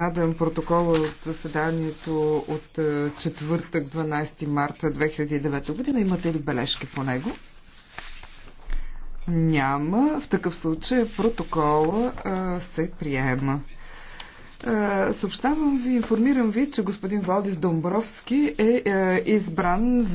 Даден протокола от заседанието от е, четвъртък 12 марта 2009 година. Имате ли бележки по него? Няма. В такъв случай протокола а, е, се приема. Е, съобщавам ви, информирам ви, че господин Валдис Домбровски е а, избран